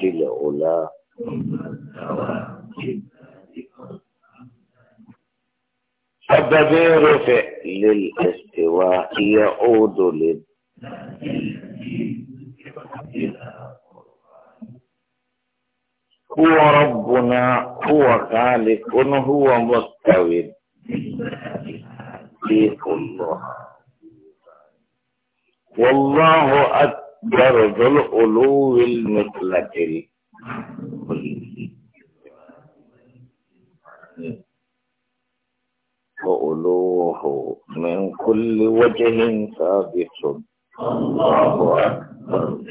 في العلا فالضمير فعل للاستواء يعود لل هو ربنا هو خالق هو مستوي في الله والله أت درجة الألو المثلة وألوه من كل وجه ثابت الله أكبر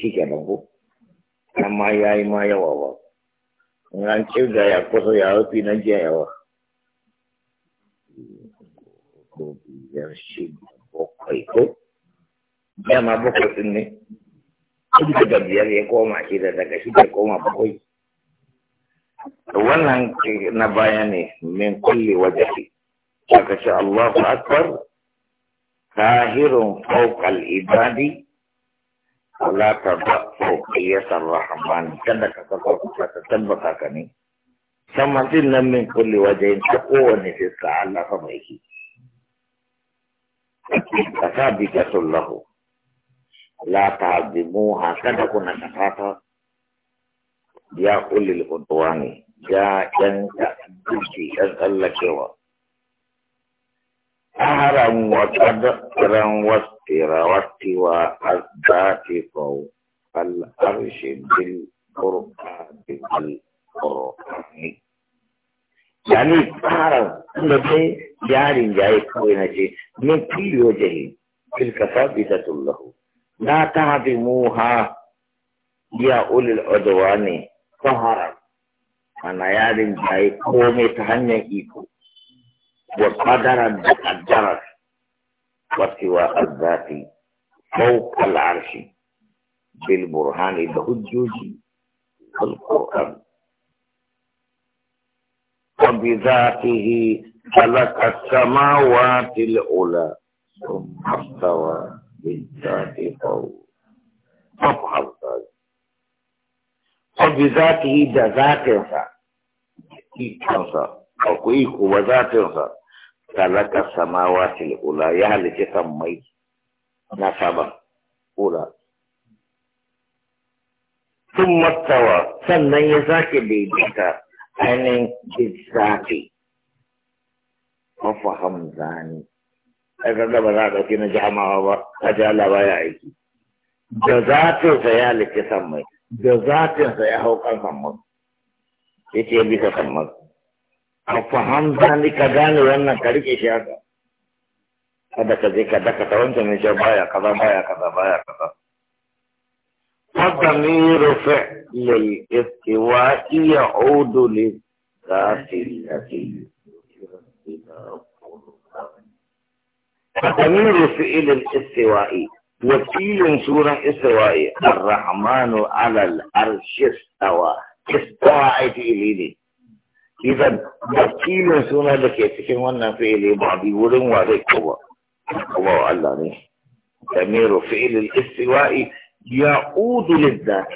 شيء كذا ما يا ما يا وابا عن نعم، شيء جاي أقصد يا أبي نجاي وابا ko biyar shida bakwai ko dama bakwai din ne daga biyar ya koma shida daga shi shida koma bakwai wannan na baya ne min kulli wajahi aka ce Allahu akbar kahirun fawqal ibadi wala tarda fawqa yasar rahman kada ka kafa ka tabbaka ka ne samman din nan min kulli wajahin ta kowane fiska Allah fa mai yake فثابتة له لا تعظموها kada kuna kasata ya ulil udwani ya yan ta duki yan tsallakewa aharan wa qadran wa tirawati wa azdati qaw al arshi bil qur'ani al qur'ani yani aharan da dai yarin yayi kawai na ce من كل وجه تلك ثابتة له لا تهدموها يا أولي العدوان فهرا أنا يا رجاي قومي تهنى إيكو وقدرا بقدرت وسوى الذات فوق العرش بالبرهان الهجوج والقرآن وبذاته خلق السماوات الأولى ثم استوى بالذات فوق سبحان الله وبذاته ذاته ذاته ذاته ذاته خلق السماوات الأولى يهل جسم مي نسبة أولى ثم استوى سنة يزاك بيدك ainihin kitsati mafaham zani ai kaga ba za a ɗauki na jama'a ba a ji Allah baya aiki da zatinsa ya liki sammai da zatinsa ya hau kan sammai yake ya bisa sammai a faham zani ka gane wannan ka rike shi haka kada ka je ka daka ta wancan ne baya kaza baya kaza baya kaza فضمير فعل الاستواء يعود للذات التي فضمير فعل الاستواء وكيل سورة استواء الرحمن على العرش استوى استوى أي إذا وكيل سورة لكي تكون فعل بعضي ولن وعليك هو الله الله ضمير فعل الاستواء يعود للذات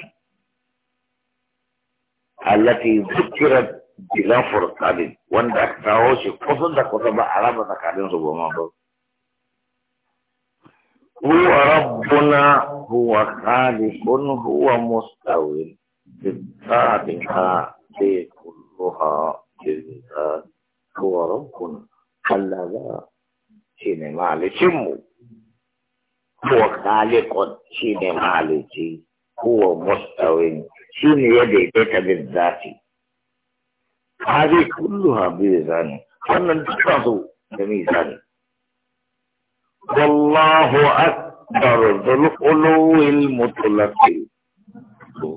التي ذكرت بلا فرقان وان اكتاوش قصد كتب عربة كالين ربما هو ربنا هو خالق هو مستوي بذاتها في كلها بالذات هو ربنا هل لا شيء ما عليه هو خالق شين مالكي هو مستوى شين يديك بالذات هذه كلها بميزان فمن تحفظ بميزان والله أكبر ذو القلو المطلق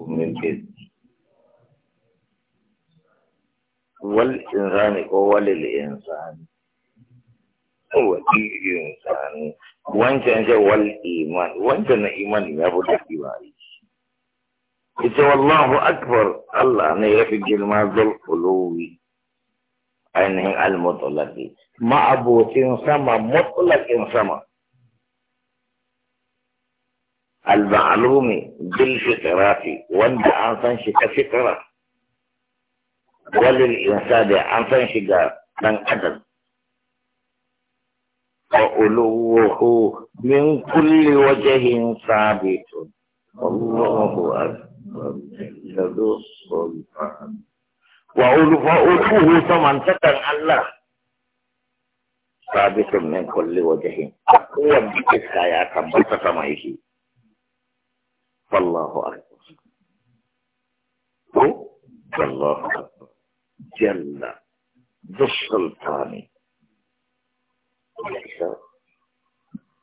من إذن والإنسان هو للإنسان هو الإنسان wancan ce wal iman wancan na iman ya fi daɗi ba aiki ita wallahu akbar Allah ne ya fi girma zul uluwi ainihin al-mutlaqi ma'abocin sama mutlaqin sama al-ma'lumi bil fitrati wanda an san shi ka fitra walil insani an san shi ga dan adam وألوه من كل وجه ثابت الله أكبر وألوه السلطان وعلوه ثمن تكن الله ثابت من كل وجه أقوى بكسك يا كبت سمعه والله أكبر فالله أكبر جل ذو السلطان